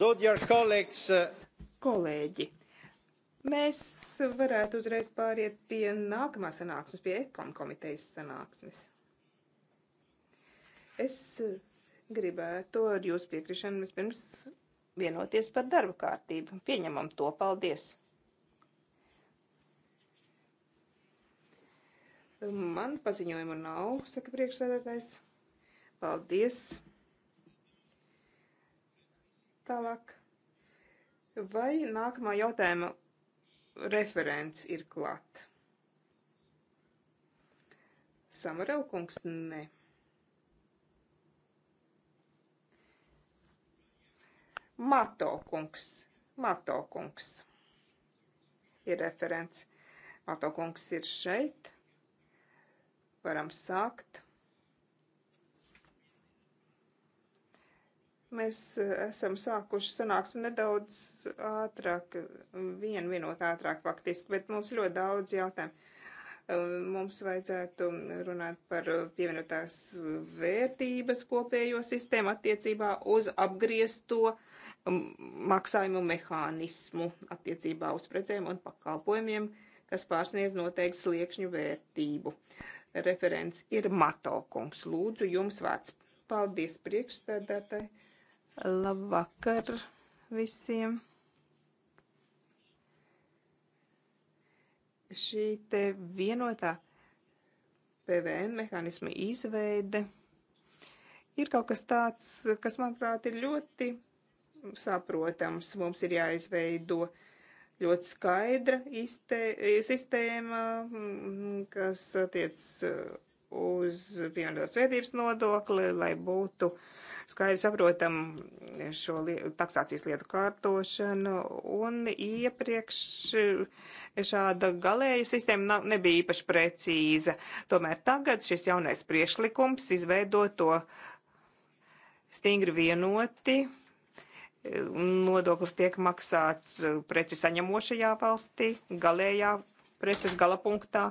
Uh, Kolēģi, mēs varētu uzreiz pāriet pie nākamās sanāksmes, pie ekon komitejas sanāksmes. Es gribētu ar jūsu piekrišanu vispirms vienoties par darba kārtību. Pieņemam to, paldies! Man paziņojumu nav, saka priekšsēdētājs. Paldies! Tālāk. Vai nākamā jautājuma referents ir klāt? Samarel kungs, nē. Mato kungs, Mato kungs ir referents. Mato kungs ir šeit. Varam sākt. Mēs e, esam sākuši sanāksmi nedaudz ātrāk, vienu minūti ātrāk faktiski, bet mums ļoti daudz jautājumu. E, mums vajadzētu runāt par pievienotās vērtības kopējo sistēmu attiecībā uz apgriezto maksājumu mehānismu attiecībā uz precēm un pakalpojumiem, kas pārsniedz noteikti sliekšņu vērtību. Referents ir Mato kungs. Lūdzu, jums vārds. Paldies priekšstādātāji Labvakar visiem! Šī te vienotā PVN mehānisma izveide ir kaut kas tāds, kas, manuprāt, ir ļoti saprotams. Mums ir jāizveido ļoti skaidra izte, sistēma, mm, kas attiec uh, uz vienotās vērtības nodokli, lai būtu uh, skaidri saprotam šo li taksācijas lietu kārtošanu, un iepriekš eh, šāda galēja sistēma nav, nebija īpaši precīza. Tomēr tagad šis jaunais priešlikums izveido to stingri vienoti eh, nodoklis tiek maksāts eh, preci saņemošajā valstī, galējā preces galapunktā.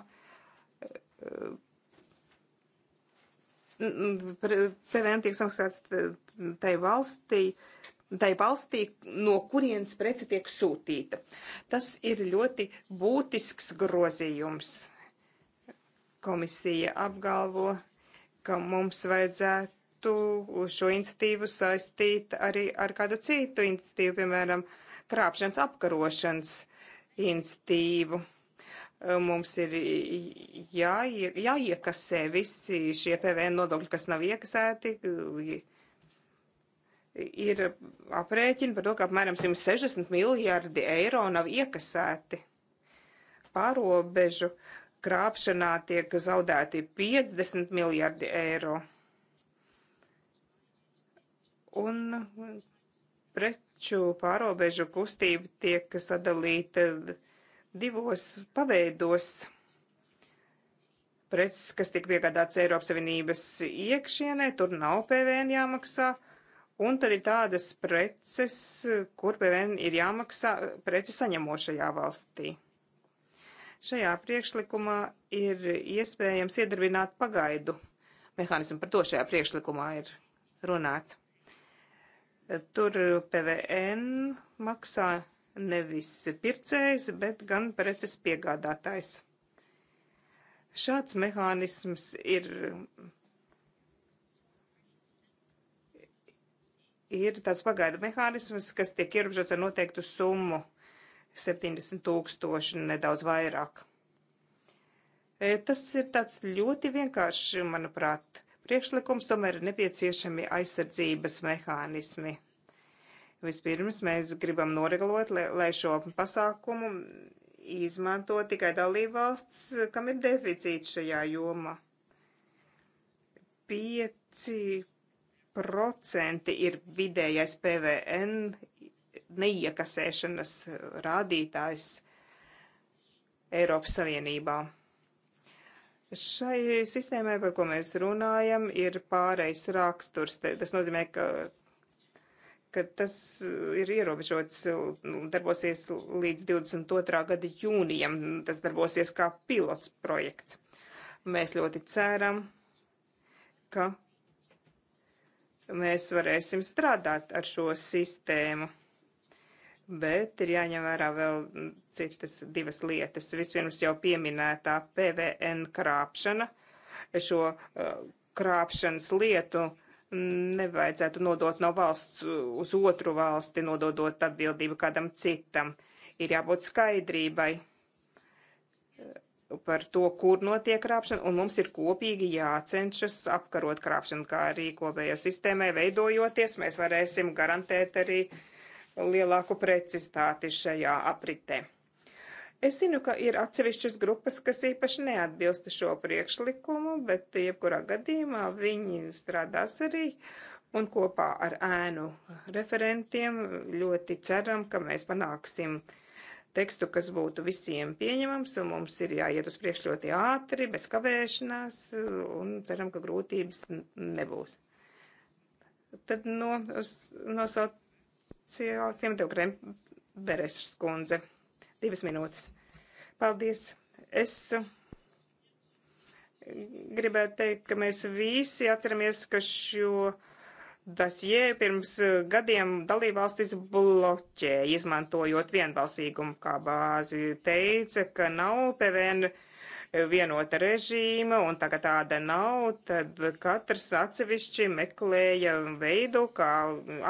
PVN tiek samaksāts tai valstī, tai valstī, no kurienes prece tiek sūtīta. Tas ir ļoti būtisks grozījums. Komisija apgalvo, ka mums vajadzētu šo institīvu saistīt arī ar kādu citu institīvu, piemēram, krāpšanas apkarošanas institīvu mums ir jāie, jāiekasē visi šie PVN nodokļi, kas nav iekasēti. Ir aprēķini par to, ka apmēram 160 miljardi eiro nav iekasēti. Pārobežu krāpšanā tiek zaudēti 50 miljardi eiro. Un preču pārobežu kustība tiek sadalīta divos paveidos preces, kas tika piegādātas Eiropas Savienības iekšienē, tur nav PVN jāmaksā. Un tad ir tādas preces, kur PVN ir jāmaksā preci saņemošajā valstī. Šajā priekšlikumā ir iespējams iedarbināt pagaidu mehānismu. Par to šajā priekšlikumā ir runāts. Tur PVN maksā nevis pircējs, bet gan preces piegādātājs. Šāds mehānisms ir, ir tāds pagaida mehānisms, kas tiek ierobežots ar noteiktu summu - 70 tūkstoši, nedaudz vairāk. E, tas ir tāds ļoti vienkāršs, manuprāt, priekšlikums, tomēr ir nepieciešami aizsardzības mehānismi. Vispirms mēs gribam noregulēt, lai, lai šo pasākumu izmanto tikai dalībvalsts, kam ir deficīts šajā jomā. 5% ir vidējais PVN neiekasēšanas rādītājs Eiropas Savienībā. Šai sistēmai, par ko mēs runājam, ir pārejas raksturs. Tas nozīmē, ka ka tas uh, ir ierobežots, uh, darbosies līdz 22. gada jūnijam. Tas darbosies kā pilots projekts. Mēs ļoti ceram, ka mēs varēsim strādāt ar šo sistēmu. Bet ir jāņem vērā vēl citas divas lietas. Vispirms jau pieminētā PVN krāpšana, šo uh, krāpšanas lietu uh, Mm, nevajadzētu nodot no valsts uz otru valsti, nododot atbildību kādam citam. Ir jābūt skaidrībai eh, par to, kur notiek krāpšana, un mums ir kopīgi jācenšas apkarot krāpšanu, kā arī kopējā sistēmē veidojoties, mēs varēsim garantēt arī lielāku precizitāti šajā apritē. Es zinu, ka ir atsevišķas grupas, kas īpaši neatbilsta šo priekšlikumu, bet jebkurā gadījumā viņi strādās arī un kopā ar ēnu referentiem ļoti ceram, ka mēs panāksim tekstu, kas būtu visiem pieņemams, un mums ir jāiet uz priekšu ļoti ātri, bez kavēšanās, un ceram, ka grūtības nebūs. Tad no, uz, no sociālās iemetukriem Bereša skundze divas minūtes. Paldies! Es eh, gribētu teikt, ka mēs visi atceramies, ka šo dasjē pirms eh, gadiem dalībvalstis bloķēja, izmantojot vienbalsīgumu kā bāzi, teica, ka nav PVN vienota režīma, un tagad tāda nav, tad katrs atsevišķi meklēja veidu, kā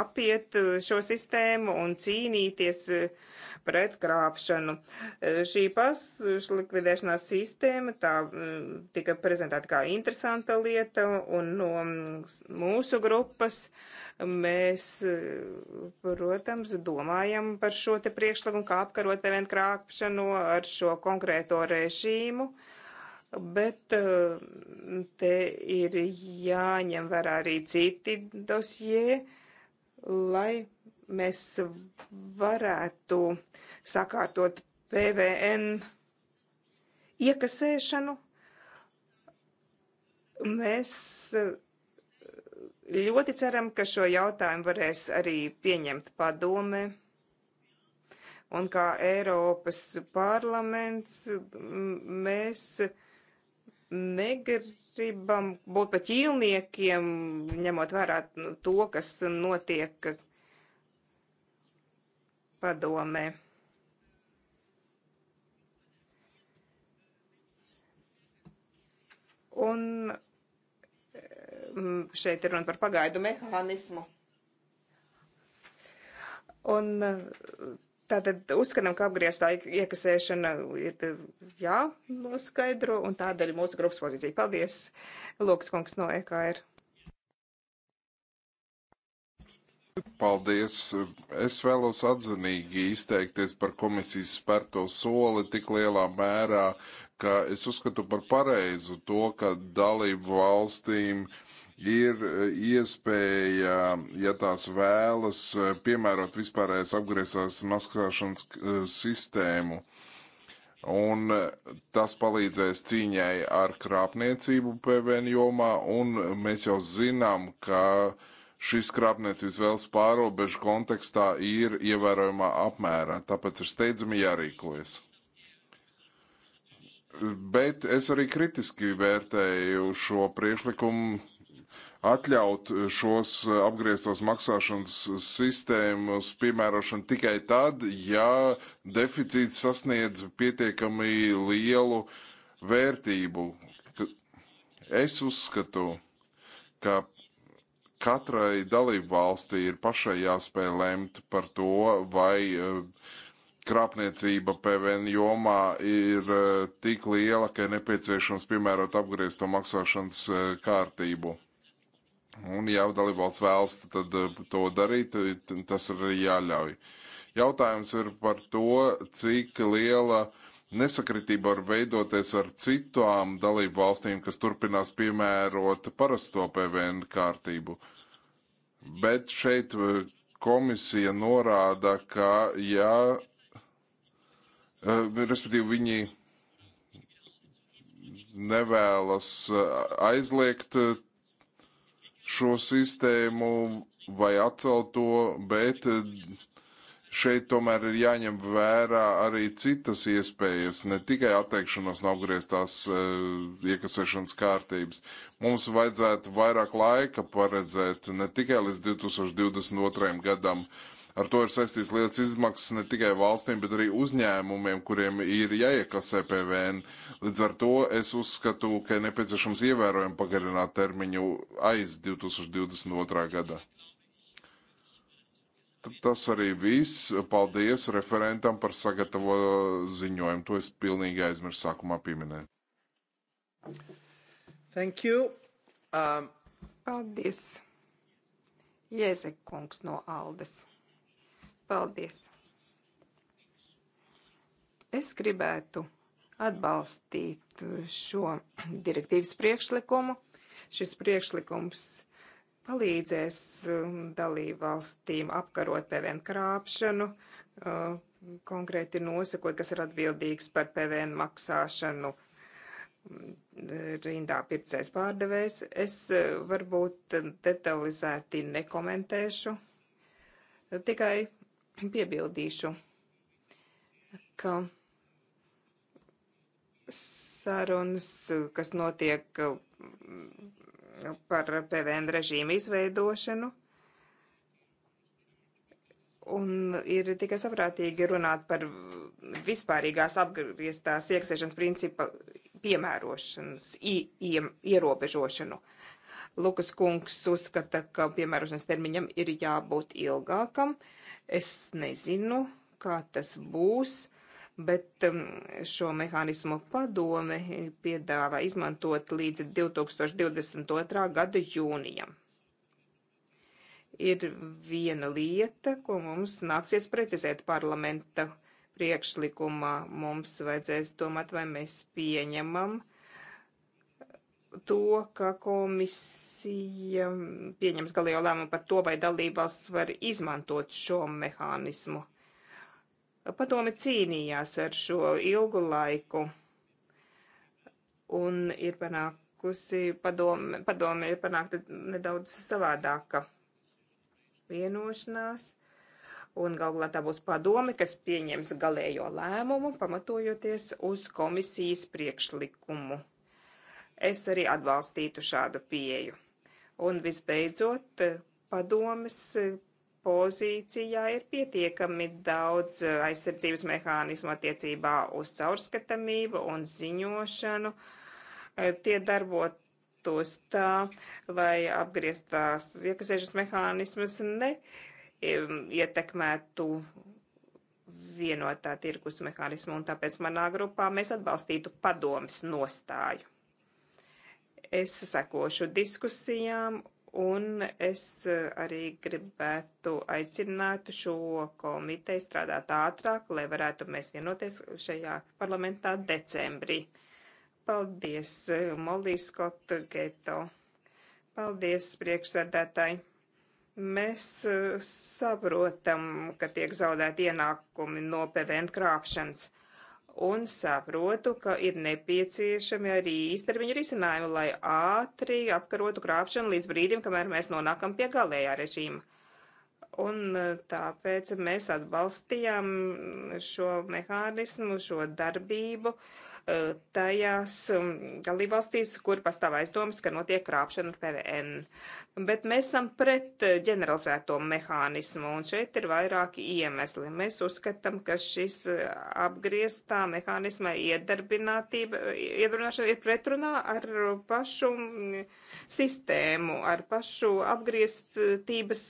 apiet eh, šo sistēmu un cīnīties pret krāpšanu. E, šī pašlikvidēšanās sistēma tā tika prezentēta kā interesanta lieta, un no mūsu grupas mēs, e, protams, domājam par šo te priekšlikumu, kā apkarot PVN krāpšanu ar šo konkrēto režīmu. Bet e, te ir jāņem vērā arī citi dosjē, lai mēs varētu sakārtot PVN iekasēšanu, mēs eh, ļoti ceram, ka šo jautājumu varēs arī pieņemt padome. Un kā Eiropas parlaments, mēs negribam būt pat ķīlniekiem, ņemot vērā nu, to, kas notiek padomē. Un mm, šeit ir runa par pagaidu mehānismu. Un tātad uzskatām, ka apgrieztā iekasēšana ir jānoskaidro, un tādēļ mūsu grupas pozīcija. Paldies, Lūks kungs no EKR. Paldies! Es vēlos atzinīgi izteikties par komisijas spērto soli tik lielā mērā, ka es uzskatu par pareizu to, ka dalību valstīm ir eh, iespēja, ja tās vēlas, eh, piemērot vispārējais apgriezās maskāšanas eh, sistēmu. Un tas palīdzēs cīņai ar krāpniecību PVN jomā, un mēs jau zinām, ka uh, šis krāpniecības vēlas pārobežu kontekstā ir ievērojumā apmērā, tāpēc ir steidzami jārīkojas. Bet es arī kritiski vērtēju šo priešlikumu atļaut šos apgrieztos maksāšanas sistēmas piemērošanu tikai tad, ja deficīts sasniedz pietiekami lielu vērtību. Es uzskatu, ka katrai dalību valstī ir pašai jāspēj lemt par to, vai eh, krāpniecība PVN jomā ir eh, tik liela, ka ir nepieciešams piemērot apgriezto maksāšanas eh, kārtību. Un ja dalību valsts vēlas tad to darīt, tas arī jāļauj. Jautājums ir par to, cik liela uh, nesakritība var veidoties ar citām dalību valstīm, kas turpinās piemērot parasto PVN kārtību. Bet šeit eh, komisija norāda, ka ja, eh, respektīvi viņi nevēlas eh, aizliegt šo sistēmu vai atcelt to, bet Šeit tomēr ir jāņem vērā arī citas iespējas, ne tikai atteikšanos no apgrieztās e, iekasēšanas kārtības. Mums vajadzētu vairāk laika paredzēt ne tikai līdz 2022. gadam. Ar to ir saistīts lietas izmaksas ne tikai valstīm, bet arī uzņēmumiem, kuriem ir jāiekasē PVN. Līdz ar to es uzskatu, ka ir nepieciešams ievērojami pagarināt termiņu aiz 2022. gada. Tas arī viss. Paldies referentam par sagatavo ziņojumu. To es pilnīgi aizmirsu sākumā pieminēt. Thank you. Um... Paldies. Jēzek kungs no Aldes. Paldies. Es gribētu atbalstīt šo direktīvas priekšlikumu. Šis priekšlikums palīdzēs um, dalībvalstīm apkarot PVN krāpšanu, uh, konkrēti nosakot, kas ir atbildīgs par PVN maksāšanu mm, rindā pircēs pārdevējs. Es uh, varbūt detalizēti nekomentēšu, tikai piebildīšu, ka sarunas, kas notiek uh, par PVN režīmu izveidošanu. Un ir tikai saprātīgi runāt par vispārīgās apgrieztās iekasēšanas principa piemērošanas, ierobežošanu. Lukas kungs uzskata, ka piemērošanas termiņam ir jābūt ilgākam. Es nezinu, kā tas būs bet um, šo mehānismu padome piedāvā izmantot līdz 2022. gada jūnijam. Ir viena lieta, ko mums nāksies precizēt parlamenta priekšlikumā. Mums vajadzēs domāt, vai mēs pieņemam to, ka komisija pieņems galējo lēmumu par to, vai dalībvalsts var izmantot šo mehānismu Padome cīnījās ar šo ilgu laiku un ir panākusi, padome, padome ir panākta nedaudz savādāka vienošanās. Un galvā tā būs padome, kas pieņems galējo lēmumu, pamatojoties uz komisijas priekšlikumu. Es arī atbalstītu šādu pieju. Un visbeidzot, padomes pozīcijā ir pietiekami daudz eh, aizsardzības mehānismu attiecībā uz caurskatamību un ziņošanu. Eh, tie darbotos tā, lai apgrieztās iekasēšanas mehānismas ne ietekmētu vienotā tirgus mehānismu, un tāpēc manā grupā mēs atbalstītu padomas nostāju. Es sekošu diskusijām Un es eh, arī gribētu aicināt šo komiteju strādāt ātrāk, lai varētu mēs vienoties šajā parlamentā decembrī. Paldies, eh, Molija Skota Geto. Paldies, priekšsēdētāji. Mēs eh, saprotam, ka tiek zaudēti ienākumi no PVN krāpšanas un saprotu, ka ir nepieciešami arī īstermiņa risinājumi, lai ātri apkarotu krāpšanu līdz brīdim, kamēr mēs nonākam pie galējā režīma. Un e, tāpēc mēs atbalstījām šo mehānismu, šo darbību e, tajās dalībvalstīs, kur pastāv aizdomas, ka notiek krāpšana ar PVN bet mēs esam pret eh, ģeneralizēto mehānismu, un šeit ir vairāki iemesli. Mēs uzskatām, ka šis eh, apgrieztā mehānisma iedarbinātība, eh, iedarbināšana ir pretrunā ar pašu mm, sistēmu, ar pašu apgrieztības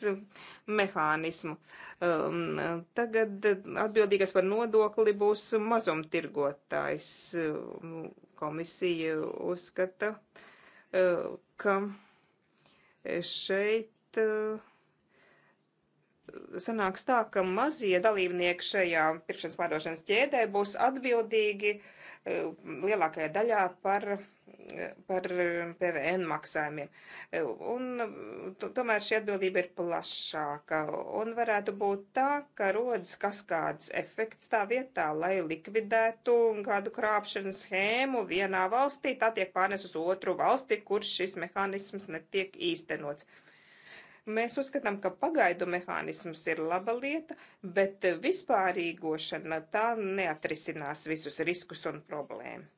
mehānismu. Um, tagad atbildīgais par nodokli būs mazumtirgotājs. Um, komisija uzskata, uh, ka Šeit eh, sanāks tā, ka mazie dalībnieki šajā pirkšanas pārdošanas ķēdē būs atbildīgi eh, lielākajā daļā par par um, PVN maksājumiem. Un um, tomēr šī atbildība ir plašāka un varētu būt tā, ka rodas kaskādas efekts tā vietā, lai likvidētu kādu krāpšanas schēmu vienā valstī, tā tiek pārnes uz otru valsti, kur šis mehānisms netiek īstenots. Mēs uzskatām, ka pagaidu mehānisms ir laba lieta, bet vispārīgošana tā neatrisinās visus riskus un problēmas.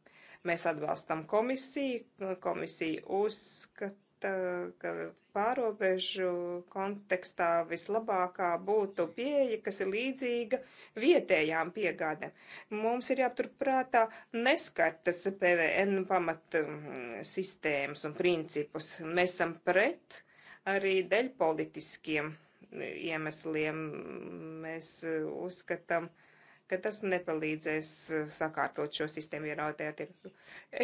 Mēs atbalstam komisiju. Komisija uzskata, ka pārobežu kontekstā vislabākā būtu pieeja, kas ir līdzīga vietējām piegādēm. Mums ir jāpaturprātā neskartas PVN pamat mm, sistēmas un principus. Mēs esam pret arī dēļ politiskiem mm, iemesliem mēs uzskatām, ka tas nepalīdzēs eh, sakārtot šo sistēmu vienotē tirgu.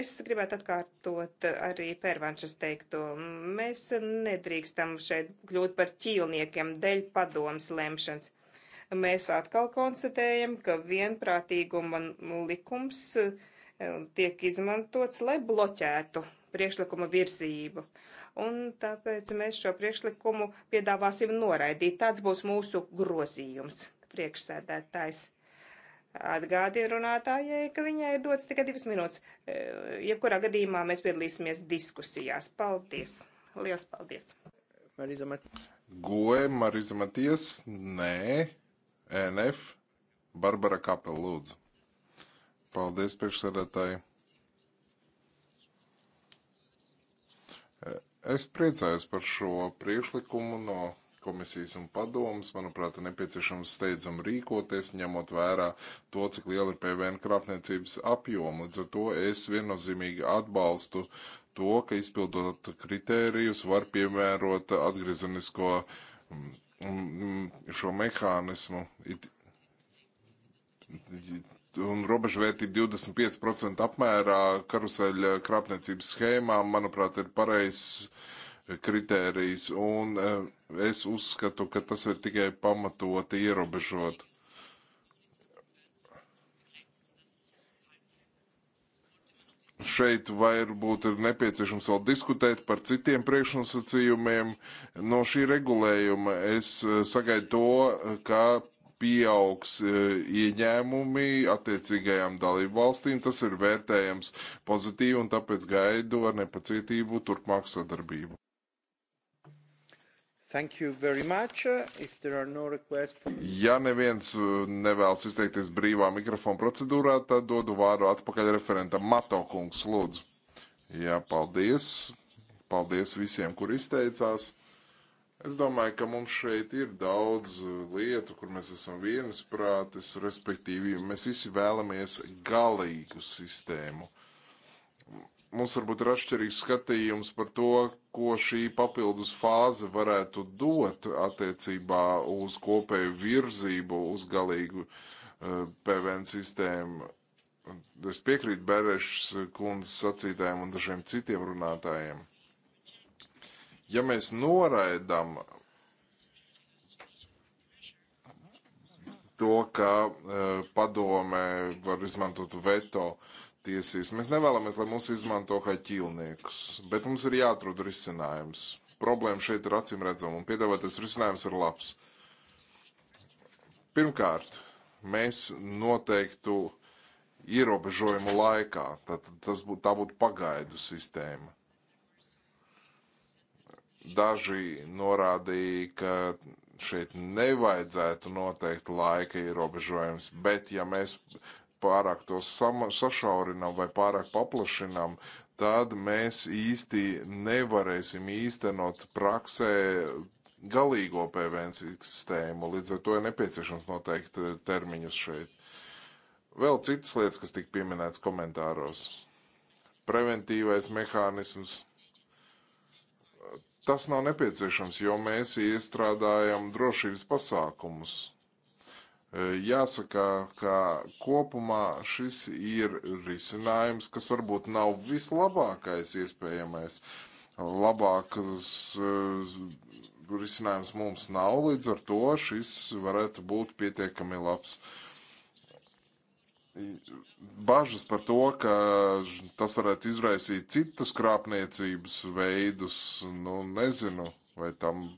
Es gribētu atkārtot eh, arī Pērvanšas teikto. Mēs nedrīkstam šeit kļūt par ķīlniekiem dēļ padomas lemšanas. Mēs atkal konstatējam, ka vienprātīguma likums eh, tiek izmantots, lai bloķētu priekšlikuma virzību. Un tāpēc mēs šo priekšlikumu piedāvāsim noraidīt. Tāds būs mūsu grozījums priekšsēdētājs. Atgādina runātājai, ka viņai ir dots tikai divas minūtes. E, jebkurā gadījumā mēs piedalīsimies diskusijās. Paldies! Lielas paldies! Marīza Matijas. Goe, Marīza Matijas, nē, NF, Barbara Kapela, lūdzu. Paldies, priekšsēdētāji. E, es priecājos par šo priekšlikumu no komisijas un padomas, manuprāt, ir nepieciešams steidzam rīkoties, ņemot vērā to, cik liela ir PVN krāpniecības apjoma. Līdz ar to es viennozīmīgi atbalstu to, ka izpildot kritērijus var piemērot atgriezenisko mm, mm, šo mehānismu. Un robežvērtība 25% apmērā karuseļa krāpniecības schēmām, manuprāt, ir pareizs kritērijs, un eh, es uzskatu, ka tas ir tikai pamatoti ierobežot. Šeit varbūt ir nepieciešams vēl diskutēt par citiem priekšnosacījumiem. No šī regulējuma es eh, sagaidu to, ka pieaugs eh, ieņēmumi attiecīgajām dalību valstīm. Tas ir vērtējams pozitīvi un tāpēc gaidu ar nepacietību turpmāku sadarbību. Thank you very much. If there are no requests from... Ja neviens uh, nevēlas izteikties brīvā mikrofona procedūrā, tad dodu vārdu atpakaļ referentam Mato kungs, lūdzu. Jā, paldies. Paldies visiem, kur izteicās. Es domāju, ka mums šeit ir daudz uh, lietu, kur mēs esam vienisprātis, respektīvi mēs visi vēlamies galīgu sistēmu. Uh, mums varbūt ir atšķirīgs skatījums par to, ko šī papildus fāze varētu dot attiecībā uz kopēju virzību, uz galīgu uh, eh, PVN sistēmu. Es piekrītu Bērešas kundzes sacītājiem un dažiem citiem runātājiem. Ja mēs noraidam to, ka uh, padome var izmantot veto, uh, tiesības. Mēs nevēlamies, lai mūs izmanto kā ķīlniekus, bet mums ir jāatrod risinājums. Problēma šeit ir acīm redzama, un piedāvātais risinājums ir labs. Pirmkārt, mēs noteiktu ierobežojumu laikā, tad tas būtu, tā būtu pagaidu sistēma. Daži norādīja, ka šeit nevajadzētu noteikt laika ierobežojums, bet ja mēs pārāk tos sašaurinam vai pārāk paplašinam, tad mēs īsti nevarēsim īstenot praksē galīgo PVN sistēmu. Līdz ar to ir nepieciešams noteikti eh, termiņus šeit. Vēl citas lietas, kas tika pieminētas komentāros. Preventīvais mehānisms. Tas nav nepieciešams, jo mēs iestrādājam drošības pasākumus Jāsaka, ka kopumā šis ir risinājums, kas varbūt nav vislabākais iespējamais. Labākas risinājums mums nav, līdz ar to šis varētu būt pietiekami labs bažas par to, ka tas varētu izraisīt citus krāpniecības veidus, nu, nezinu, vai tam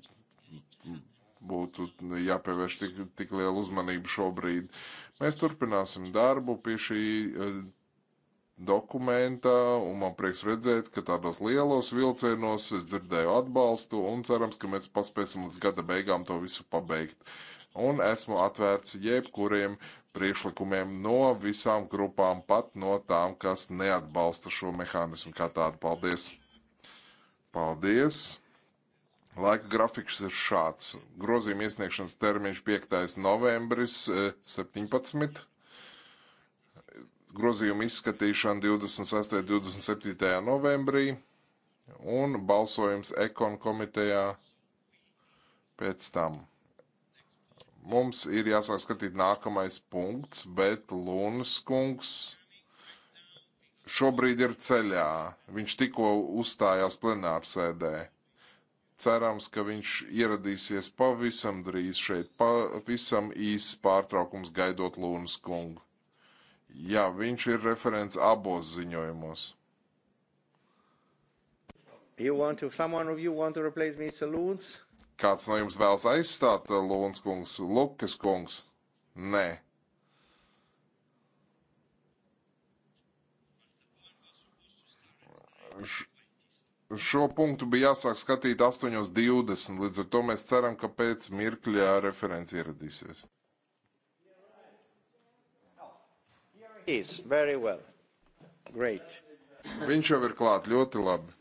būtu nu, jāpievērš tik, tik liela uzmanība šobrīd. Mēs turpināsim darbu pie šī e, dokumenta, un man prieks redzēt, ka tādos lielos vilcienos es dzirdēju atbalstu, un cerams, ka mēs paspēsim līdz gada beigām to visu pabeigt. Un esmu atvērts jebkuriem priekšlikumiem no visām grupām, pat no tām, kas neatbalsta šo mehānismu kā tādu. Paldies! Paldies! Laika grafiks ir šāds. Grozījuma iesniegšanas termiņš 5. novembris 17. Eh, Grozījuma izskatīšana 26. un 27. novembrī un balsojums ekon komitejā pēc tam. Mums ir jāsāk skatīt nākamais punkts, bet Lūnas kungs šobrīd ir ceļā. Viņš tikko uzstājās plenārsēdē. Uz Cerams, ka viņš ieradīsies pavisam drīz šeit, pavisam īss pārtraukums gaidot Lūnas kungu. Jā, viņš ir referents abos ziņojumos. To, Kāds no jums vēlas aizstāt eh, Lūnas kungs, Lukas kungs? Nē. Š šo punktu bija jāsāk skatīt 8.20. Līdz ar to mēs ceram, ka pēc mirkļa referents ieradīsies. Well. Great. Viņš jau ir klāt ļoti labi.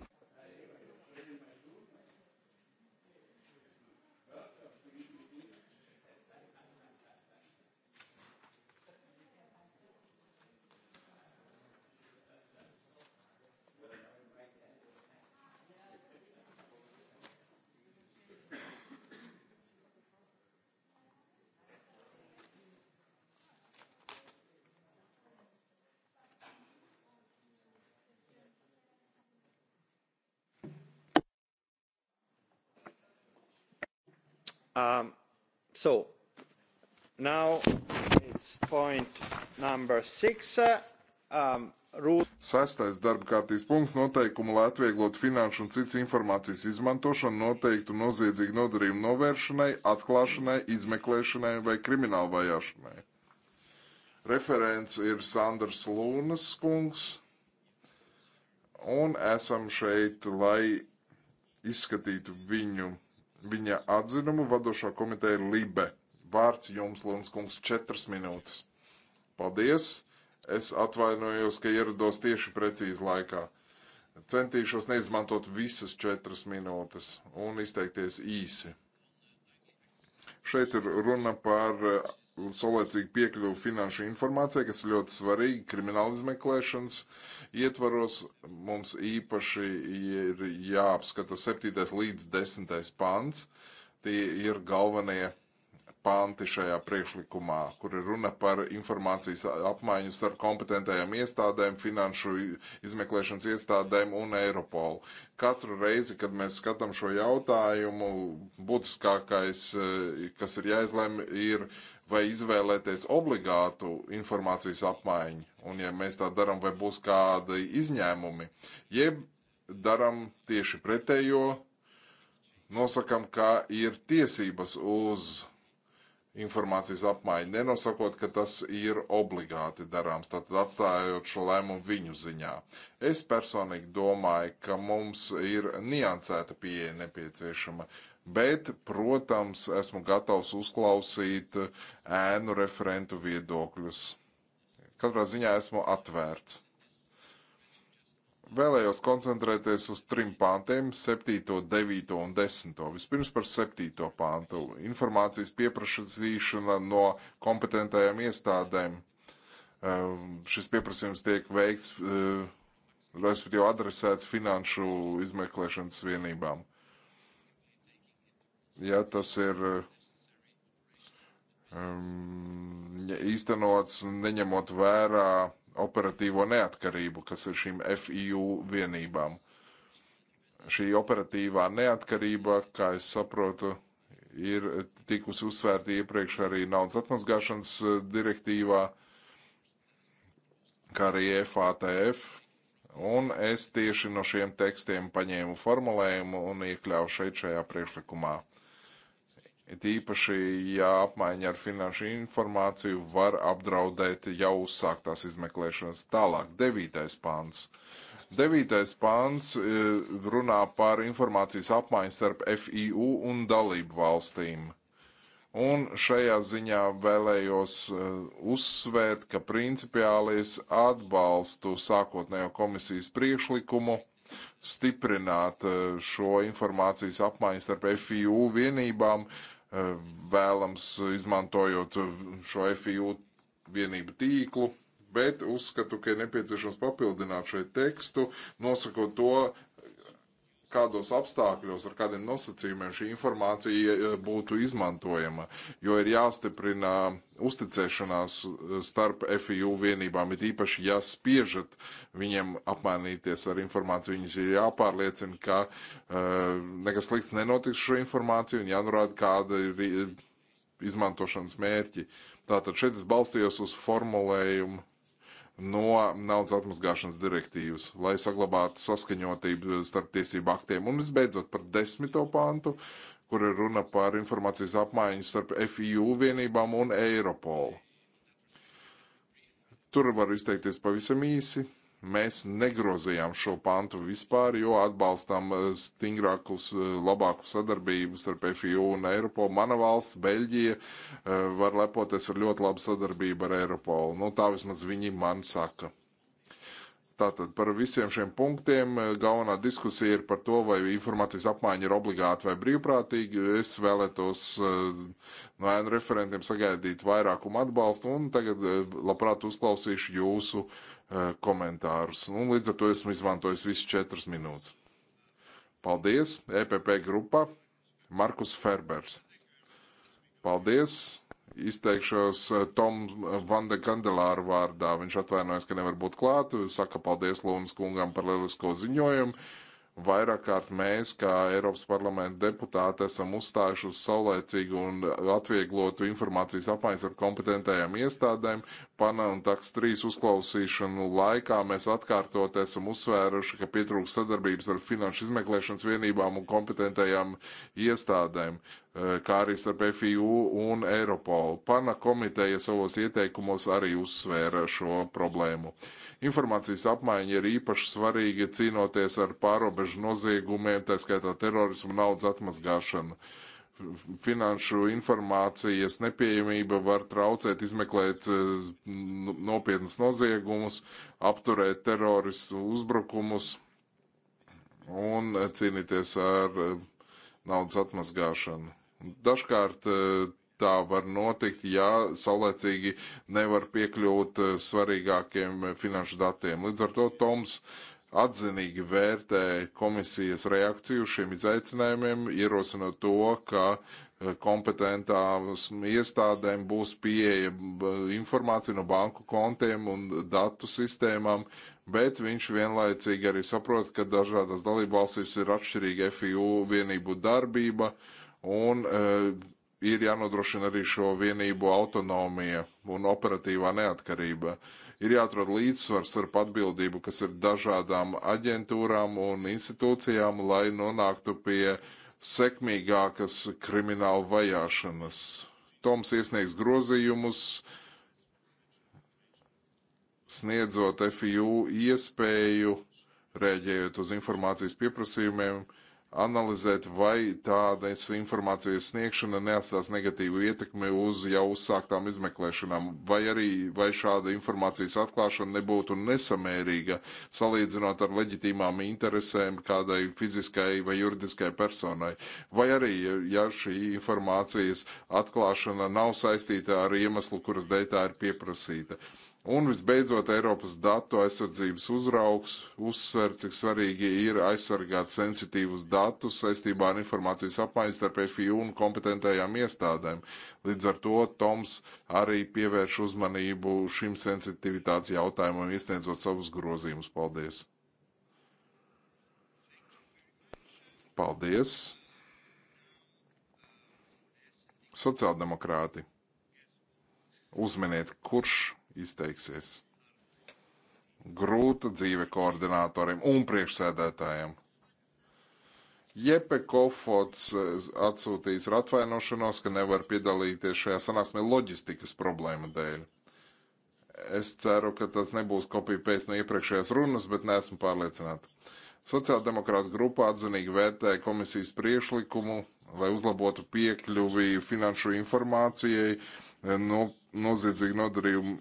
So now it's point number six. Uh, um, rū... Sestais darba kārtības punkts - noteikumu, lai atvieglotu finanšu un citas informācijas izmantošanu noteiktu noziedzīgu nodarījumu novēršanai, atklāšanai, izmeklēšanai vai kriminālu vajāšanai. Referents ir Sandrs Lūnas kungs, un esam šeit, lai izskatītu viņu viņa atzinumu vadošā komiteja Libe. Vārds jums, Lunds kungs, četras minūtes. Paldies! Es atvainojos, ka ierados tieši precīzi laikā. Centīšos neizmantot visas četras minūtes un izteikties īsi. Šeit ir runa par saulēcīgu piekļuvu finanšu informācijai, kas ir ļoti svarīgi krimināla izmeklēšanas ietvaros. Mums īpaši ir jāapskata 7. līdz 10. pants. Tie ir galvenie panti šajā priekšlikumā, kur ir runa par informācijas apmaiņu starp kompetentajām iestādēm, finanšu izmeklēšanas iestādēm un Eiropolu. Katru reizi, kad mēs skatām šo jautājumu, būtiskākais, eh, kas ir jāizlem, ir uh, vai izvēlēties obligātu informācijas apmaiņu, un ja mēs tā darām, vai būs kādi izņēmumi, jeb darām tieši pretējo, nosakam, ka ir tiesības uz informācijas apmaiņu, nenosakot, ka tas ir obligāti darāms, tātad atstājot šo lēmumu viņu ziņā. Es personīgi domāju, ka mums ir niansēta pieeja nepieciešama. Uh, Bet, protams, esmu gatavs uzklausīt eh, ēnu referentu viedokļus. Katrā ziņā esmu atvērts. Vēlējos koncentrēties uz trim pāntiem - 7, 9 un 10. Vispirms par 7. pāntu - informācijas pieprasīšana no kompetentajām iestādēm. Eh, šis pieprasījums tiek veikts, eh, respektīvi adresēts finanšu izmeklēšanas vienībām ja tas ir um, īstenots neņemot vērā operatīvo neatkarību, kas ir šīm FIU vienībām. Šī operatīvā neatkarība, kā es saprotu, ir tikusi uzsvērta iepriekš arī naudas atmazgāšanas eh, direktīvā, kā arī FATF. Un es tieši no šiem tekstiem paņēmu formulējumu un iekļauju šeit šajā priekšlikumā. It īpaši, ja apmaiņa ar finanšu informāciju var apdraudēt jau uzsāktās izmeklēšanas tālāk. Devītais pāns. Devītais pāns e, runā par informācijas apmaiņu starp FIU un dalību valstīm. Un šajā ziņā vēlējos e, uzsvērt, ka principiāli es atbalstu sākotnējo komisijas priekšlikumu stiprināt e, šo informācijas apmaiņu starp FIU vienībām, Eh, vēlams izmantojot eh, šo FIU vienību tīklu, bet uzskatu, ka ir nepieciešams papildināt šo tekstu, nosakot to, kādos apstākļos, ar kādiem nosacījumiem šī informācija e, e, būtu izmantojama, jo ir jāstiprina uzticēšanās e, starp FIU vienībām, it īpaši, ja spiežat viņiem apmainīties ar informāciju, viņus ir jāpārliecina, ka uh, nekas slikts nenotiks šo informāciju un jānorāda, kāda ir izmantošanas mērķi. Tātad šeit es balstījos uz formulējumu no naudas atmazgāšanas direktīvas, lai saglabātu saskaņotību starp tiesību aktiem. Un visbeidzot par desmito pantu, kur ir runa par informācijas apmaiņu starp FIU vienībām un Eiropolu. Tur var izteikties pavisam īsi. Mēs negrozījām šo pantu vispār, jo atbalstām eh, stingrākus, eh, labāku sadarbību starp FIU un Eiropolu. Mana valsts, Beļģija, eh, var lepoties ar ļoti labu sadarbību ar Eiropolu. Nu, tā vismaz viņi man saka. Tātad par visiem šiem punktiem eh, galvenā diskusija ir par to, vai informācijas apmaiņa ir obligāta vai brīvprātīga. Es vēlētos eh, no ēnu referentiem sagaidīt vairākumu atbalstu un tagad eh, labprāt uzklausīšu jūsu komentārus. Un nu, līdz ar to esmu izmantojis visu četras minūtes. Paldies, EPP grupa, Markus Ferbers. Paldies! izteikšos eh, Tom eh, Vanda Kandelāru vārdā. Viņš atvainojas, ka nevar būt klāt, saka paldies Lūnas kungam par lielisko ziņojumu. Vairāk kārt mēs, kā Eiropas parlamenta deputāti, esam uzstājuši uz saulēcīgu un atvieglotu informācijas apmaiņas ar kompetentajām iestādēm. Pana un taks trīs uzklausīšanu laikā mēs atkārtot esam uzsvēruši, ka pietrūkst sadarbības ar finanšu izmeklēšanas vienībām un kompetentajām iestādēm eh, kā arī starp FIU un Eiropolu. Pana komiteja savos ieteikumos arī uzsvēra šo problēmu. Uh, Informācijas apmaiņa ir īpaši svarīga cīnoties ar pārobežu noziegumiem, tā skaitā terorismu, naudas atmazgāšanu. Finanšu informācijas nepieejamība var traucēt izmeklēt e, nopietnas noziegumus, apturēt teroristu uzbrukumus un e, cīnīties ar e, naudas atmazgāšanu. Dažkārt tā var notikt, ja saulēcīgi nevar piekļūt eh, svarīgākiem eh, finanšu datiem. Līdz ar to Toms atzinīgi vērtē komisijas reakciju šiem izaicinājumiem, ierosinot to, ka eh, kompetentām iestādēm būs pieeja informācija no banku kontiem un datu sistēmām, bet viņš vienlaicīgi arī saprot, ka dažādās dalībvalstīs ir atšķirīga FIU vienību darbība un ir jānodrošina arī šo vienību autonomija un operatīvā neatkarība. Ir jāatrod līdzsvars ar atbildību, kas ir dažādām aģentūrām un institūcijām, lai nonāktu pie sekmīgākas krimināla vajāšanas. Toms iesniegs grozījumus, sniedzot FIU iespēju, rēģējot uz informācijas pieprasījumiem, analizēt, vai tādas informācijas sniegšana neatstās negatīvu ietekmi uz jau uzsāktām izmeklēšanām, vai arī vai šāda informācijas atklāšana nebūtu nesamērīga salīdzinot ar leģitīmām interesēm kādai fiziskai vai juridiskai personai, vai arī, ja šī informācijas atklāšana nav saistīta ar iemeslu, kuras dēļ tā ir pieprasīta. Uh, Un visbeidzot, Eiropas datu aizsardzības uzraugs uzsver, cik svarīgi ir aizsargāt sensitīvus datus saistībā ar informācijas apmaiņu starp FIU un kompetentējām iestādēm. Līdz ar to Toms arī pievērš uzmanību šim sensitivitātes jautājumam, iesniedzot savus grozījumus. Paldies! Paldies! Sociāldemokrāti! Uzminiet, kurš izteiksies. Grūta dzīve koordinatoriem un priekšsēdētājiem. Jepe Kofots eh, atsūtīs ar atvainošanos, ka nevar piedalīties šajā sanāksmē loģistikas problēma dēļ. Es ceru, ka tas nebūs kopija no iepriekšējās runas, bet neesmu pārliecināta. Sociāldemokrāta grupa atzinīgi vērtē komisijas priekšlikumu, lai uzlabotu piekļuvi finanšu informācijai eh, no noziedzīgu nodarījumu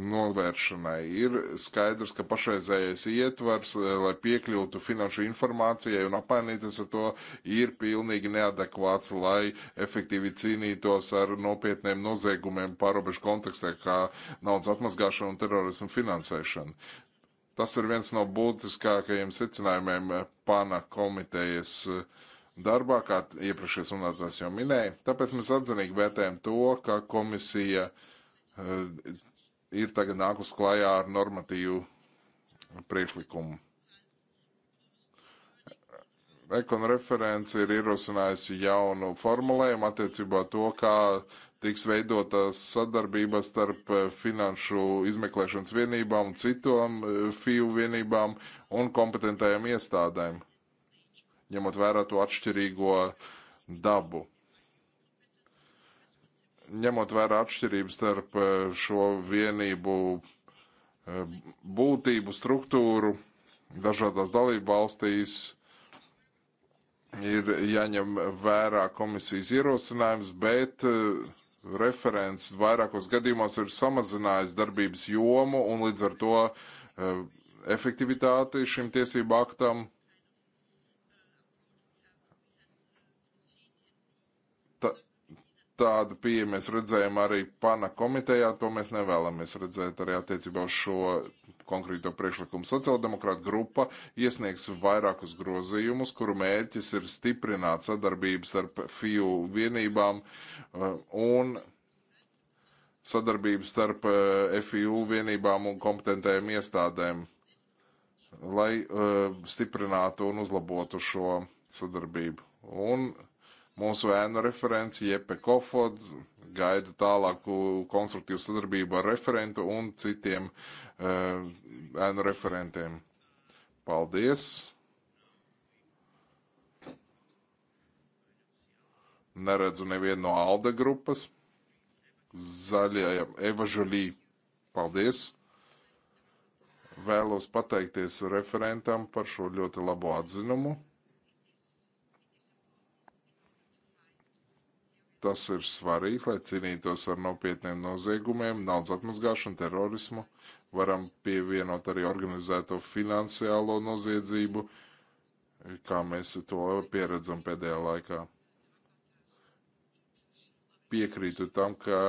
novēršanai. Ir skaidrs, ka pašreizējais ietvars, eh, lai piekļūtu finanšu informācijai un apmainīties ar to, ir pilnīgi neadekvāts, lai efektīvi cīnītos ar nopietniem noziegumiem pārobežu kontekstē, kā naudas atmazgāšana un terorismu finansēšana. Tas ir viens no būtiskākajiem secinājumiem eh, pana komitejas uh, darbā, kā iepriekšējais runātājs jau minēja. Tāpēc mēs atzinīgi vērtējam to, ka komisija uh, ir tagad nākus klajā ar normatīvu priekšlikumu. Ekon referents ir ierosinājusi jaunu formulējumu attiecībā to, kā tiks veidotas sadarbības starp finanšu izmeklēšanas vienībām, citām eh, FIU vienībām un kompetentajām iestādēm, ņemot vērā to atšķirīgo dabu ņemot vērā atšķirības starp eh, šo vienību eh, būtību, struktūru dažādās dalību valstīs, ir jāņem vērā komisijas ierosinājums, bet eh, referents vairākos gadījumos ir samazinājis darbības jomu un līdz ar to efektivitāti šim tiesību aktam Tādu pieeju mēs redzējām arī pana komitejā, to mēs nevēlamies redzēt arī attiecībā uz šo konkrēto priekšlikumu. Sociāldemokrāta grupa iesniegs vairākus grozījumus, kuru mērķis ir stiprināt sadarbības ar FIU vienībām eh, un sadarbības starp eh, FIU vienībām un kompetentējiem iestādēm, lai uh, stiprinātu un uzlabotu šo sadarbību. Un Mūsu ēnu referents Jepe Kofod gaida tālāku konstruktīvu sadarbību ar referentu un citiem uh, ēnu referentiem. Paldies! Neredzu nevienu no ALDE grupas. Zaļajā Eva Žalī. Paldies! Vēlos pateikties referentam par šo ļoti labo atzinumu. Tas ir svarīgi, lai cīnītos ar nopietniem noziegumiem, naudas atmazgāšanu, terorismu. Varam pievienot arī organizēto finansiālo noziedzību, kā mēs to pieredzam pēdējā laikā. Piekrītu tam, ka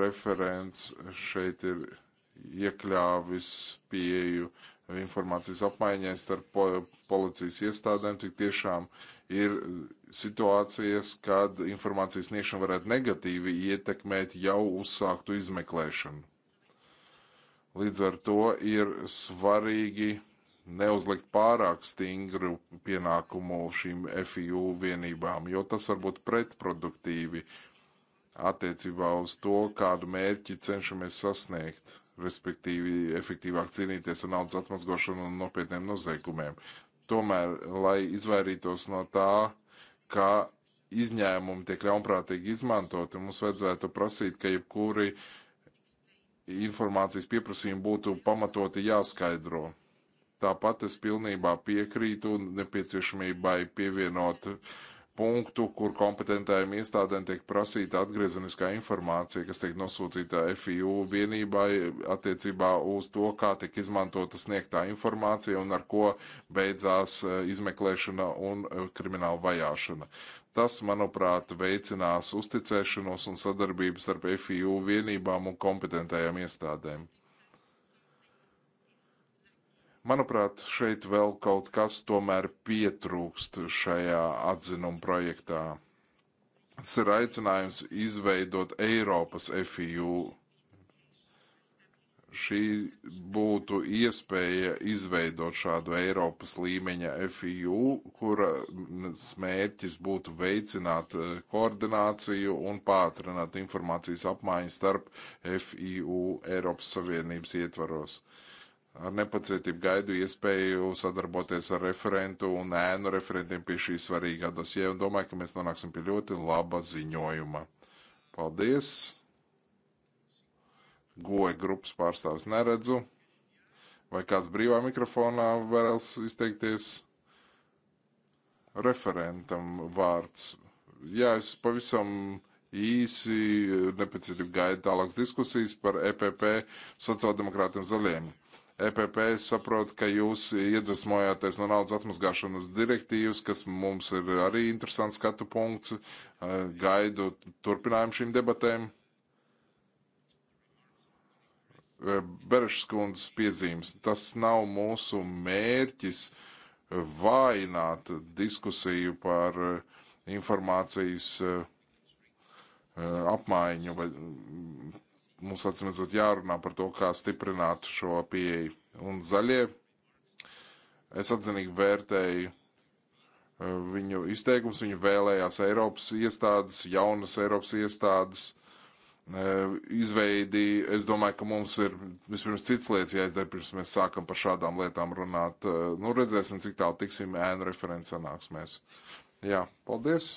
referents šeit ir iekļāvis pieju informācijas apmaiņai starp policijas iestādēm, tik tiešām uh, ir situācijas, kad informācijas sniegšana varētu negatīvi ietekmēt jau uzsāktu izmeklēšanu. Līdz ar to ir svarīgi neuzlikt pārāk stingru pienākumu šīm FIU vienībām, jo tas var būt pretproduktīvi attiecībā uz to, kādu mērķi cenšamies sasniegt, respektīvi efektīvāk cīnīties ar naudas atmazgošanu un nopietniem noziegumiem. Tomēr, lai izvairītos no tā, ka izņēmumi tiek ļaunprātīgi izmantoti, mums vajadzētu prasīt, ka jebkuri informācijas pieprasījumi būtu pamatoti jāskaidro. Tāpat es pilnībā piekrītu nepieciešamībai pievienot uh, punktu, kur kompetentējiem iestādēm tiek prasīta atgriezeniskā informācija, kas tiek nosūtīta FIU vienībai attiecībā uz to, kā tiek izmantota sniegtā informācija un ar ko beidzās e, izmeklēšana un e, krimināla vajāšana. Tas, manuprāt, veicinās uzticēšanos un sadarbības starp FIU vienībām un kompetentējām iestādēm. Manuprāt, šeit vēl kaut kas tomēr pietrūkst šajā atzinuma projektā. Tas ir aicinājums izveidot Eiropas FIU. Šī būtu iespēja izveidot šādu Eiropas līmeņa FIU, kura mērķis būtu veicināt eh, koordināciju un pātrināt informācijas apmaiņu starp FIU Eiropas Savienības ietvaros. Uh, ar nepacietību gaidu iespēju sadarboties ar referentu un ēnu referentiem pie šī svarīgā dosie un domāju, ka mēs nonāksim pie ļoti laba ziņojuma. Paldies! Goja grupas pārstāvis neredzu. Vai kāds brīvā mikrofonā vēlas izteikties? Referentam vārds. Jā, es pavisam īsi nepacietību gaidu tālākas diskusijas par EPP sociāldemokrātiem zaļiem. EPP saprot, ka jūs iedvesmojāties no naudas atmazgāšanas direktīvas, kas mums ir arī interesants skatu punkts. E, gaidu turpinājumu šīm debatēm. E, Berešas kundzes piezīmes. Tas nav mūsu mērķis vājināt diskusiju par informācijas e, apmaiņu vai mums atsimot jārunā par to, kā stiprināt šo pieeju. Un zaļie, es atzinīgi vērtēju eh, viņu izteikums, viņi vēlējās Eiropas iestādes, jaunas Eiropas iestādes eh, izveidi. Es domāju, ka mums ir vispirms cits lietas jāizdara, pirms mēs sākam par šādām lietām runāt. Eh, nu, redzēsim, cik tālu tiksim ēnu referents sanāksmēs. Jā, paldies!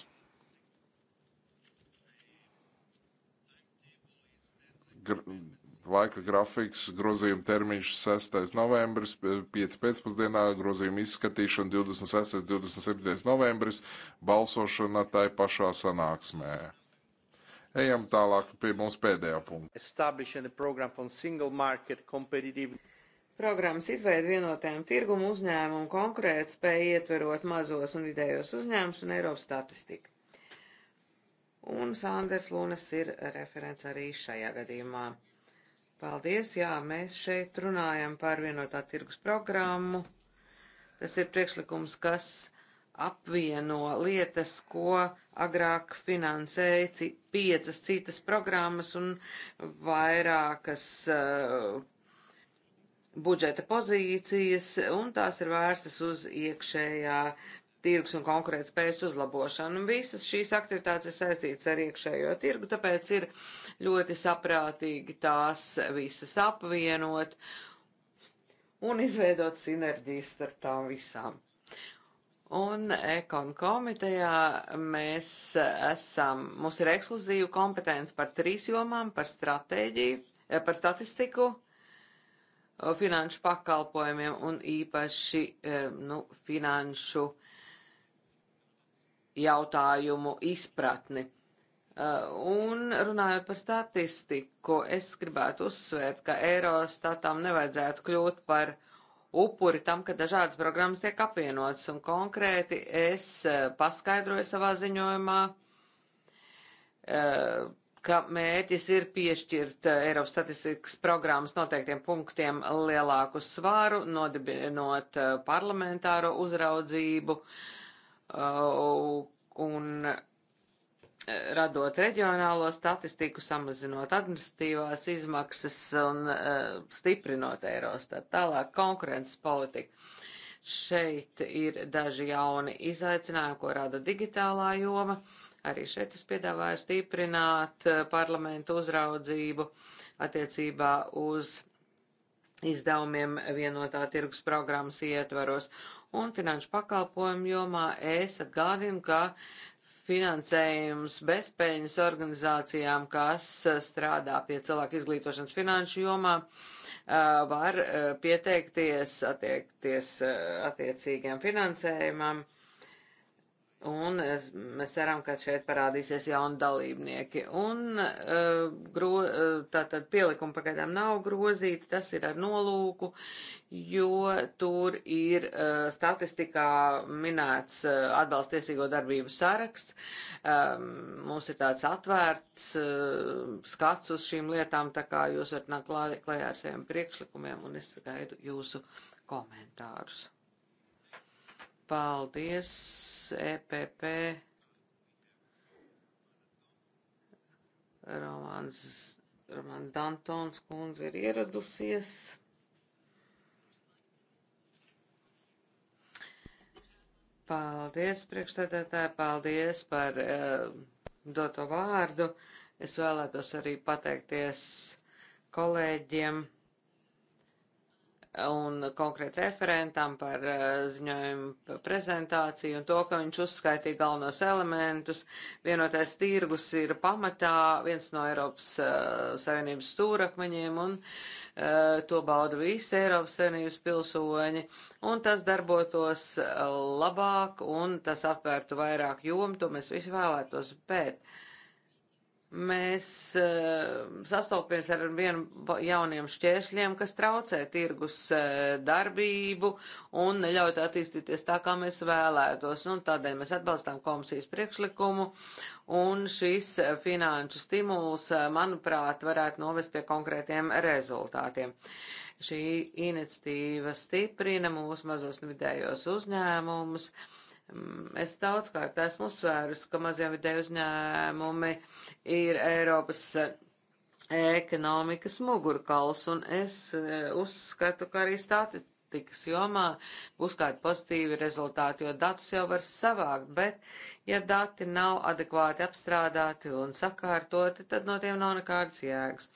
laika grafiks, grozījuma termiņš 6. novembris, 5. pēcpusdienā, grozījuma izskatīšana 26. 27. novembris, balsošana tai pašā sanāksmē. Ejam tālāk pie mūsu pēdējā punkta. Programmas izveida vienotajam tirgumu uzņēmumu konkurētspēju ietverot mazos un vidējos uzņēmumus un Eiropas statistiku un Sanders Lunas ir referents arī šajā gadījumā. Paldies, jā, mēs šeit runājam par vienotā tirgus programmu. Tas ir priekšlikums, kas apvieno lietas, ko agrāk finansēja piecas citas programmas un vairākas uh, budžeta pozīcijas, un tās ir vērstas uz iekšējā tirgus un konkurētspējas uzlabošanu. Un visas šīs aktivitātes ir saistītas ar iekšējo tirgu, tāpēc ir ļoti saprātīgi tās visas apvienot un izveidot sinerģijas starp tām visām. Un ekon komitejā mēs esam, mums ir ekskluzīva kompetence par trīs jomām, par stratēģiju, eh, par statistiku, finanšu pakalpojumiem un īpaši, eh, nu, finanšu uh, jautājumu izpratni. Uh, un runājot par statistiku, es gribētu uzsvērt, ka Eurostatām nevajadzētu kļūt par upuri tam, ka dažādas programmas tiek apvienotas, un konkrēti es uh, paskaidroju savā ziņojumā, uh, ka mērķis ir piešķirt Eiropas statistikas programmas noteiktiem punktiem lielāku svāru, nodibinot parlamentāro uzraudzību, uh, Uh, un uh, radot reģionālo statistiku, samazinot administratīvās izmaksas un uh, stiprinot Eirostat. Tālāk konkurences politika. Šeit ir daži jauni izaicinājumi, ko rada digitālā joma. Arī šeit es piedāvāju stiprināt parlamentu uzraudzību attiecībā uz izdevumiem vienotā tirgus programmas ietvaros un finanšu pakalpojumu jomā es atgādinu, ka finansējums bezpēļņas organizācijām, kas eh, strādā pie cilvēku izglītošanas finanšu jomā, eh, var eh, pieteikties attiekties attiecīgiem finansējumam Un es, mēs ceram, ka šeit parādīsies jauni dalībnieki. Un uh, gro, uh, tātad pielikuma pagaidām nav grozīta, tas ir ar nolūku, jo tur ir uh, statistikā minēts uh, atbalstiesīgo darbību saraksts. Um, mums ir tāds atvērts uh, skats uz šīm lietām, tā kā jūs varat nākt klajā ar saviem priekšlikumiem, un es gaidu jūsu komentārus. Paldies, EPP. Romāns, Romāns Dantons kundze ir ieradusies. Paldies, priekšstādātāji, paldies par uh, doto vārdu. Es vēlētos arī pateikties kolēģiem un konkrēti referentam par eh, ziņojumu prezentāciju un to, ka viņš uzskaitīja galvenos elementus. Vienotais tirgus ir pamatā viens no Eiropas uh, Savienības stūrakmeņiem un uh, to bauda visi Eiropas Savienības pilsoņi. Un tas darbotos labāk un tas apvērtu vairāk jomu, to mēs visi vēlētos, bet uh, mēs uh, sastopamies ar vienu jauniem šķēršļiem, kas traucē tirgus uh, darbību un neļauj attīstīties tā, kā mēs vēlētos. Un tādēļ mēs atbalstām komisijas priekšlikumu, un šis eh, finanšu stimuls, uh, manuprāt, varētu novest pie konkrētiem rezultātiem. Šī iniciatīva stiprina mūsu mazos un vidējos uzņēmumus. Uh, Mm, es daudzkārt esmu uzsvērusi, ka maziem vidēju uzņēmumi ir Eiropas eh, ekonomikas mugurkauls, un es eh, uzskatu, ka arī statistikas jomā būs kādi pozitīvi rezultāti, jo datus jau var savākt, bet ja dati nav adekvāti apstrādāti un sakārtoti, tad no tiem nav nekādas jēgas.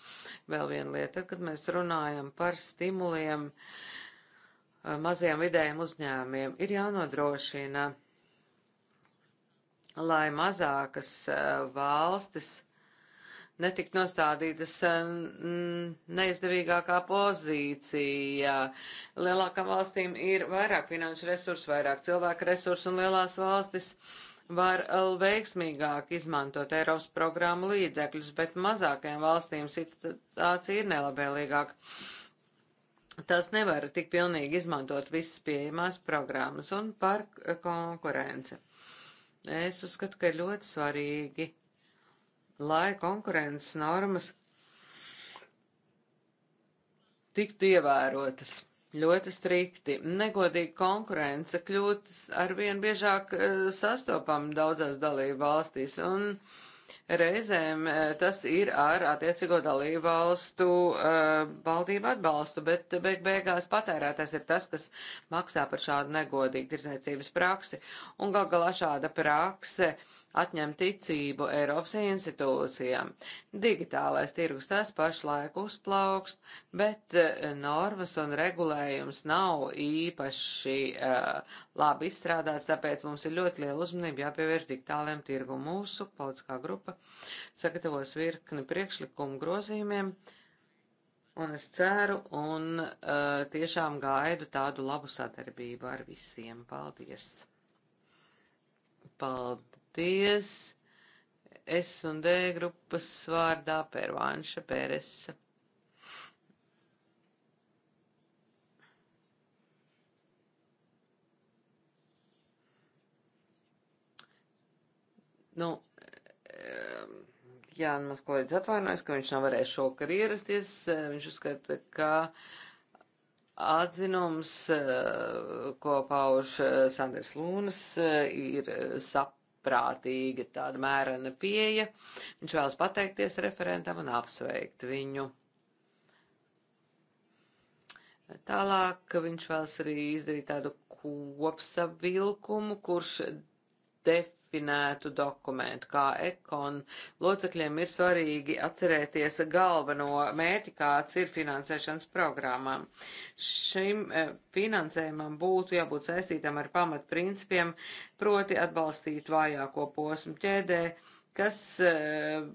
Vēl viena lieta, tad, kad mēs runājam par stimuliem eh, maziem vidējiem uzņēmiem, ir jānodrošina lai mazākas eh, valstis netikt nostādītas eh, neizdevīgākā pozīcijā. Lielākām valstīm ir vairāk finanšu resursu, vairāk cilvēku resursu, un lielās valstis var eh, veiksmīgāk izmantot Eiropas programmu līdzekļus, bet mazākajām valstīm situācija ir nelabēlīgāka. Tās nevar tik pilnīgi izmantot visas pieejamās programmas un par konkurenci. Es uzskatu, ka ir ļoti svarīgi, lai konkurences normas tiktu ievērotas ļoti strikti. Negodīga konkurence kļūt arvien biežāk eh, sastopama daudzās dalību valstīs, un Reizēm eh, tas ir ar attiecīgo dalību valstu eh, valdību atbalstu, bet beig beigās patērētājs ir tas, kas maksā par šādu negodīgu tirdzniecības praksi. Un gal galā šāda prakse uh, atņem ticību Eiropas institūcijām. Digitālais tirgus tas pašlaik uzplaukst, bet eh, normas un regulējums nav īpaši uh, labi izstrādāts, tāpēc mums ir ļoti liela uzmanība jāpievērš digitāliem tirgu. Mūsu politiskā grupa sagatavos virkni priekšlikumu grozījumiem un es ceru un uh, tiešām gaidu tādu labu sadarbību ar visiem. Paldies! Paldies! Paldies! S un D grupas vārdā Pērvānša Pēresa. Nu, jā, nu, mans kolēģis atvainojas, ka viņš nav varējis šokar ierasties. Viņš uzskata, ka atzinums, eh, ko pauž eh, Sanders Lūnas, eh, ir sap saprātīga tāda mērena pieeja. Viņš vēlas pateikties referentam un apsveikt viņu. Tālāk viņš vēlas arī izdarīt tādu kopsavilkumu, kurš def definētu dokumentu. Kā ekon locekļiem ir svarīgi atcerēties galveno mērķi, kāds ir finansēšanas programmām. Šim e, finansējumam būtu jābūt saistītam ar pamatprincipiem, proti atbalstīt vājāko posmu ķēdē, kas e,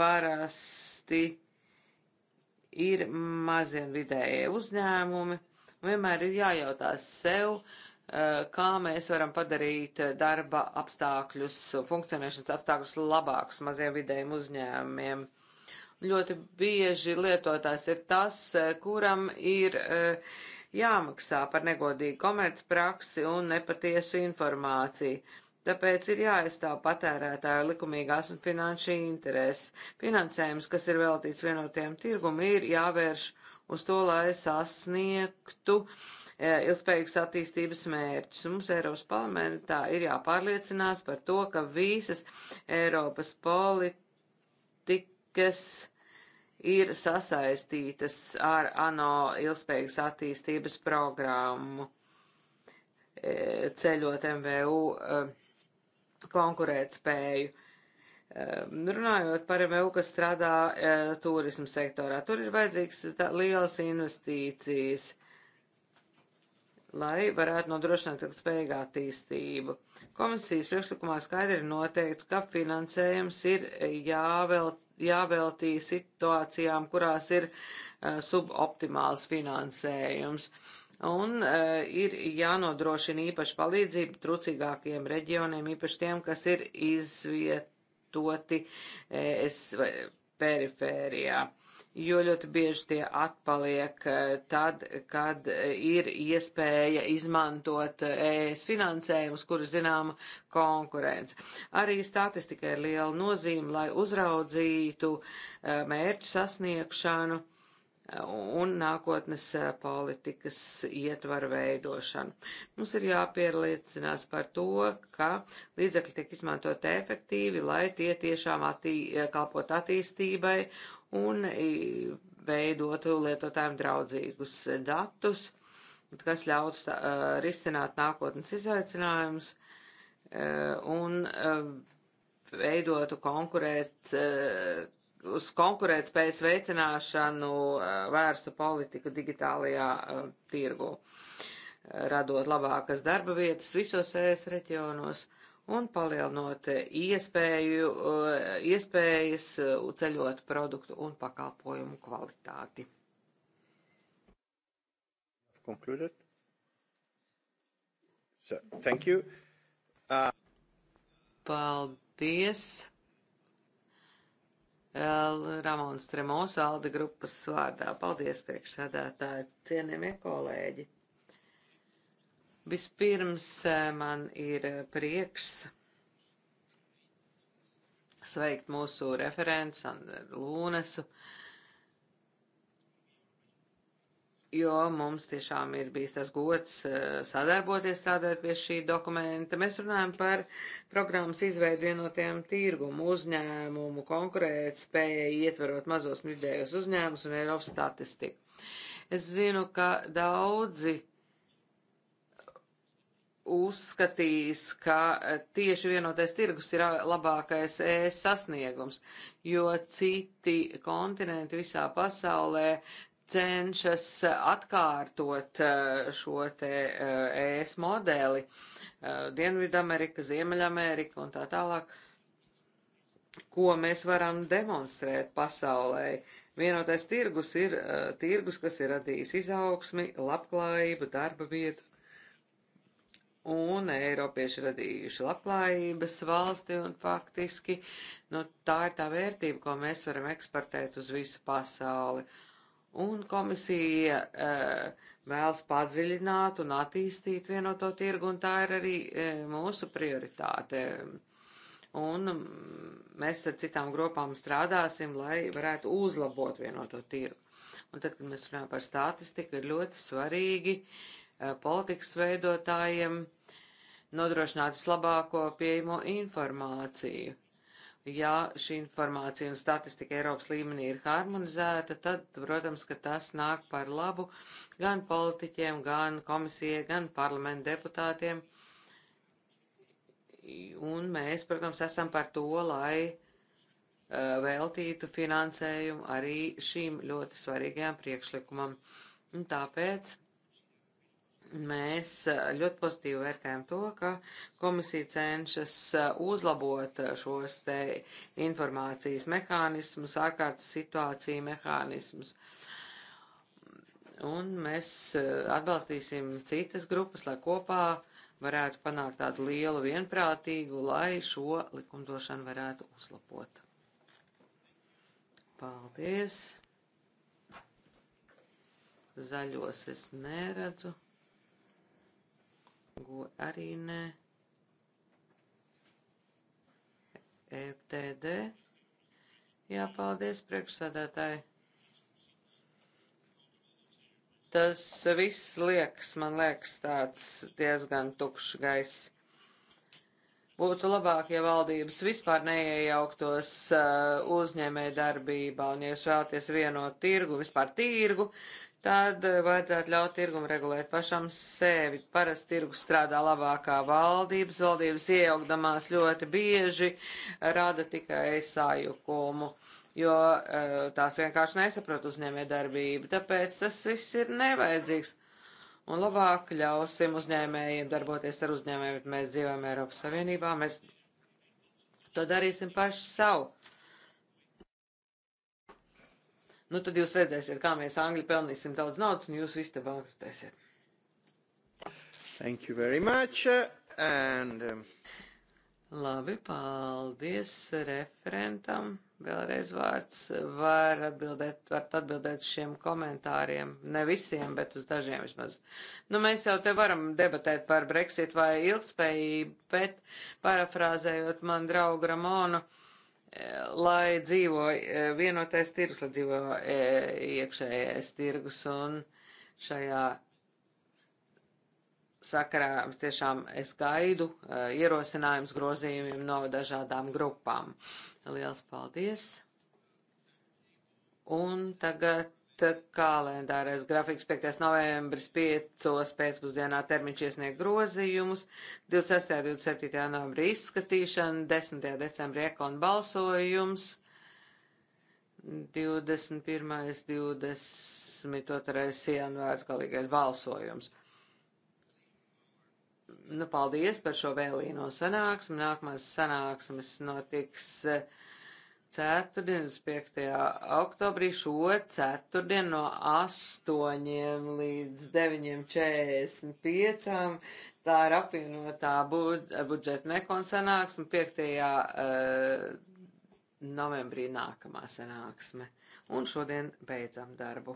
parasti ir mazie un vidējie uzņēmumi. Vienmēr ir jājautās sev, uh, Eh, kā mēs varam padarīt eh, darba apstākļus, funkcionēšanas apstākļus labākus maziem vidējiem uzņēmumiem. Ļoti bieži lietotājs ir tas, eh, kuram ir jāmaksā par negodīgu komercpraksi un nepatiesu informāciju. Tāpēc ir jāaizstāv patērētāju likumīgās un finanšu intereses. Finansējums, kas ir veltīts vienotiem tirgumiem, ir jāvērš uz to, lai sasniegtu uh, E, ilgspējīgas attīstības mērķus. Mums Eiropas parlamentā ir jāpārliecinās par to, ka visas Eiropas politikas ir sasaistītas ar ANO ilgspējīgas attīstības programmu e, ceļot MVU e, konkurēt spēju. Runājot par MVU, kas strādā turismu sektorā, tur ir vajadzīgs lielas investīcijas lai varētu nodrošināt ilgspējīgu attīstību. Komisijas priekšlikumā skaidri noteikts, ka finansējums ir jāvelt, jāveltī situācijām, kurās ir uh, suboptimāls finansējums. Un uh, ir jānodrošina īpaši palīdzība trūcīgākiem reģioniem, īpaši tiem, kas ir izvietoti eh, es, vai, perifērijā. Uh, jo ļoti bieži tie atpaliek eh, tad, kad eh, ir iespēja izmantot ES eh, finansējumus, kuru zinām konkurence. Arī statistika ir liela nozīme, lai uzraudzītu mērķu sasniegšanu un nākotnes eh, politikas ietvaru veidošanu. Mums ir jāpierliecinās par to, ka līdzekļi tiek izmantot efektīvi, lai tie tiešām attī, eh, kalpot attīstībai un veidotu lietotājiem draudzīgus datus, kas ļautu tā, eh, risināt nākotnes izaicinājumus un veidotu konkurēt uz konkurētspējas veicināšanu eh, vērstu politiku digitālajā eh, tirgu, eh, radot labākas darba vietas visos ES reģionos un palielinot iespēju, iespējas ceļot produktu un pakalpojumu kvalitāti. Concluded? So, thank you. Uh... Paldies. Ramons Tremos Alde grupas vārdā. Paldies, priekšsēdētāji, cienījamie kolēģi. Vispirms eh, man ir eh, prieks sveikt mūsu referents Lūnesu. Uh, jo mums tiešām ir bijis tas gods eh, sadarboties strādājot pie šī dokumenta. Mēs runājam par programmas izveidu vienotiem tirgumu, uzņēmumu, konkurēt spēju ietverot mazos un vidējos uzņēmumus un Eiropas statistiku. Es zinu, ka daudzi uzskatīs, ka eh, tieši vienotais tirgus ir labākais ES eh, sasniegums, jo citi kontinenti visā pasaulē cenšas atkārtot eh, šo te ES eh, modeli eh, Dienvidamerika, Ziemeļamerika un tā tālāk, ko mēs varam demonstrēt pasaulē. Vienotais tirgus ir tirgus, kas ir radījis izaugsmi, labklājību, darba vietas, un Eiropieši radījuši labklājības valsti, un faktiski nu, tā ir tā vērtība, ko mēs varam eksportēt uz visu pasauli. Uh, un komisija uh, vēlas padziļināt un attīstīt vienoto tirgu, un tā ir arī uh, mūsu prioritāte. Un mm, mēs ar citām grupām strādāsim, lai varētu uzlabot vienoto tirgu. Un tad, kad mēs runājam par statistiku, ir ļoti svarīgi uh, politikas veidotājiem nodrošināt vislabāko pieejamo informāciju ja šī informācija un statistika Eiropas līmenī ir harmonizēta, tad, protams, ka tas nāk par labu gan politiķiem, gan komisijai, gan parlamentu deputātiem. Un mēs, protams, esam par to, lai eh, veltītu finansējumu arī šīm ļoti svarīgajām priekšlikumam. Un tāpēc mēs ļoti pozitīvi vērtējam to, ka komisija cenšas uzlabot šos te informācijas mehānismus, ārkārtas situāciju mehānismus. Un mēs atbalstīsim citas grupas, lai kopā varētu panākt tādu lielu vienprātīgu, lai šo likumdošanu varētu uzlabot. Paldies! Zaļos es neredzu. Go arī nē. FTD. E Jā, paldies, priekšsādātāji. Tas viss liekas, man liekas, tāds diezgan tukšs gaiss. Būtu labāk, ja valdības vispār neiejauktos uh, uzņēmē darbībā, un ja jūs vēlaties vienot tirgu, vispār tirgu, tad eh, vajadzētu ļaut tirgumu regulēt pašam sevi. Parasti tirgus strādā labākā valdības, valdības iejaukdamās ļoti bieži rada tikai sajukumu, jo eh, tās vienkārši nesaprot uzņēmē darbību, tāpēc tas viss ir nevajadzīgs. Un labāk ļausim uzņēmējiem darboties ar uzņēmējiem, bet mēs dzīvojam Eiropas Savienībā, mēs to darīsim paši savu. Nu, tad jūs redzēsiet, kā mēs Angļi pelnīsim daudz naudas, un jūs visi te bankrutēsiet. Thank you very much. And, um... Labi, paldies referentam. Vēlreiz vārds var atbildēt, varat atbildēt šiem komentāriem. Ne visiem, bet uz dažiem vismaz. Nu, mēs jau te varam debatēt par Brexit vai ilgspējību, bet parafrāzējot man draugu Ramonu, uh, lai dzīvo eh, vienotais tirgus, lai dzīvo eh, iekšējais tirgus un šajā sakarā tiešām es gaidu eh, ierosinājums grozījumiem no dažādām grupām. Liels paldies! Un tagad kalendārais grafiks 5. novembris 5. pēcpusdienā termiņš iesniegt grozījumus, 26. un 27. novembrī izskatīšana, 10. decembrī ekon balsojums, 21. 22. janvārs galīgais balsojums. Nu, paldies par šo vēlīno sanāksmi. Nākamās sanāksmes notiks. Uh, ceturtdienas 5. oktobrī šo ceturtdienu no 8 līdz 9.45. Tā ir apvienotā budžeta nekonsanāksme, 5. Eh, novembrī nākamā sanāksme. Un šodien beidzam darbu.